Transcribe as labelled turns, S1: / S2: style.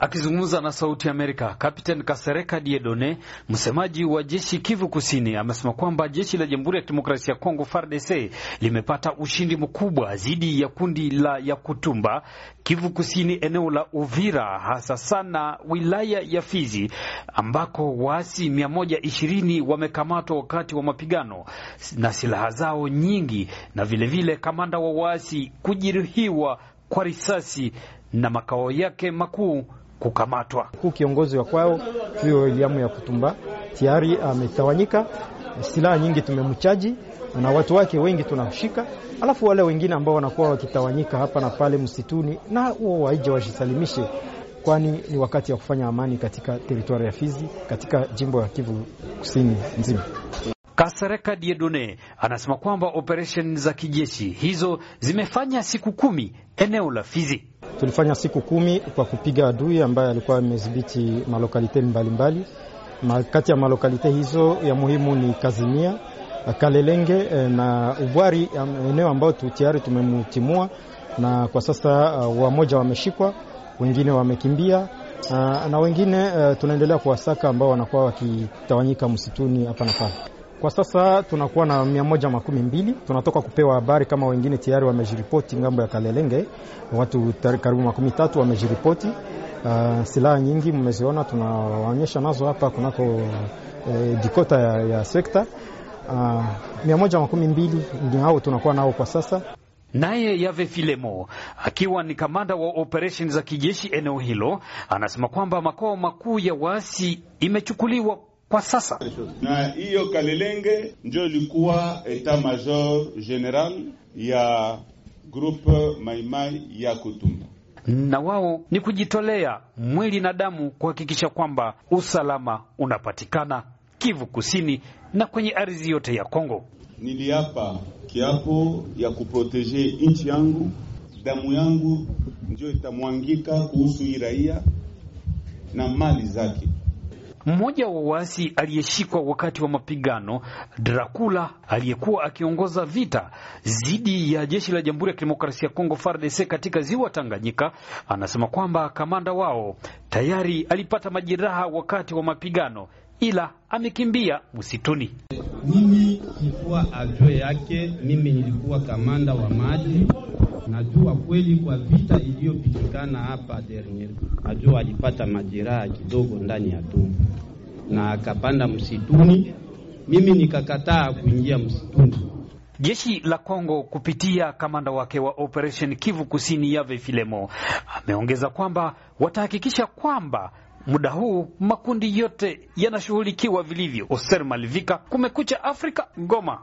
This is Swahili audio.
S1: Akizungumza na Sauti ya Amerika, Kapteni Kasereka Diedone, msemaji wa jeshi Kivu Kusini, amesema kwamba jeshi la Jamhuri ya Kidemokrasia ya Kongo FARDC limepata ushindi mkubwa dhidi ya kundi la Yakutumba Kivu Kusini, eneo la Uvira, hasa sana wilaya ya Fizi ambako waasi 120 wamekamatwa wakati wa mapigano na silaha zao nyingi, na vilevile vile kamanda wa waasi kujeruhiwa kwa risasi na makao yake makuu
S2: kukamatwa. Huku kiongozi wa kwao huyo Eliamu ya Kutumba tayari ametawanyika, silaha nyingi tumemchaji na watu wake wengi tunashika alafu wale wengine ambao wanakuwa wakitawanyika hapa na pale msituni, na huo waija wajisalimishe, kwani ni wakati ya kufanya amani katika teritwari ya Fizi, katika jimbo ya Kivu Kusini nzima.
S1: Kasereka Diedone anasema kwamba operesheni za kijeshi hizo zimefanya siku kumi eneo la Fizi.
S2: Tulifanya siku kumi kwa kupiga adui ambaye alikuwa amedhibiti malokalite mbalimbali mbali. Kati ya malokalite hizo ya muhimu ni Kazimia, Kalelenge eh, na Ubwari, eneo ambayo tayari tumemutimua, na kwa sasa uh, wamoja wameshikwa, wengine wamekimbia uh, na wengine uh, tunaendelea kuwasaka ambao wanakuwa wakitawanyika msituni hapa na pale. Kwa sasa tunakuwa na mia moja makumi mbili tunatoka kupewa habari kama wengine tayari wamejiripoti ngambo ya Kalelenge, watu karibu makumi tatu wamejiripoti. Uh, silaha nyingi mmeziona, tunawaonyesha nazo hapa kunako eh, dikota ya, ya sekta uh, mia moja makumi mbili ni hao tunakuwa nao kwa sasa.
S1: Naye Yave Filemo akiwa ni kamanda wa operesheni za kijeshi eneo hilo anasema kwamba makao makuu ya waasi imechukuliwa kwa sasa.
S3: Na hiyo Kalelenge ndio ilikuwa eta major general ya groupe Maimai ya Kutumba
S1: na wao ni kujitolea mwili na damu kuhakikisha kwamba usalama unapatikana Kivu Kusini
S3: na kwenye ardhi yote ya Kongo. Niliapa kiapo ya kuproteje nchi yangu, damu yangu ndio itamwangika kuhusu hii raia na mali zake. Mmoja wa waasi aliyeshikwa wakati wa
S1: mapigano, Dracula, aliyekuwa akiongoza vita dhidi ya jeshi la Jamhuri ya Kidemokrasia ya Kongo FARDC katika ziwa Tanganyika, anasema kwamba kamanda wao tayari alipata majeraha wakati wa mapigano ila amekimbia msituni. Mimi nilikuwa ajue yake, mimi nilikuwa kamanda wa maji Najua kweli kwa vita iliyopitikana hapa dernier, najua alipata majeraha kidogo ndani ya tumbo na akapanda msituni. Mimi nikakataa kuingia msituni. Jeshi la Kongo kupitia kamanda wake wa Operation Kivu Kusini ya Filemo ameongeza kwamba watahakikisha kwamba muda huu makundi yote yanashughulikiwa vilivyo. Oser Malivika, Kumekucha Afrika, Goma.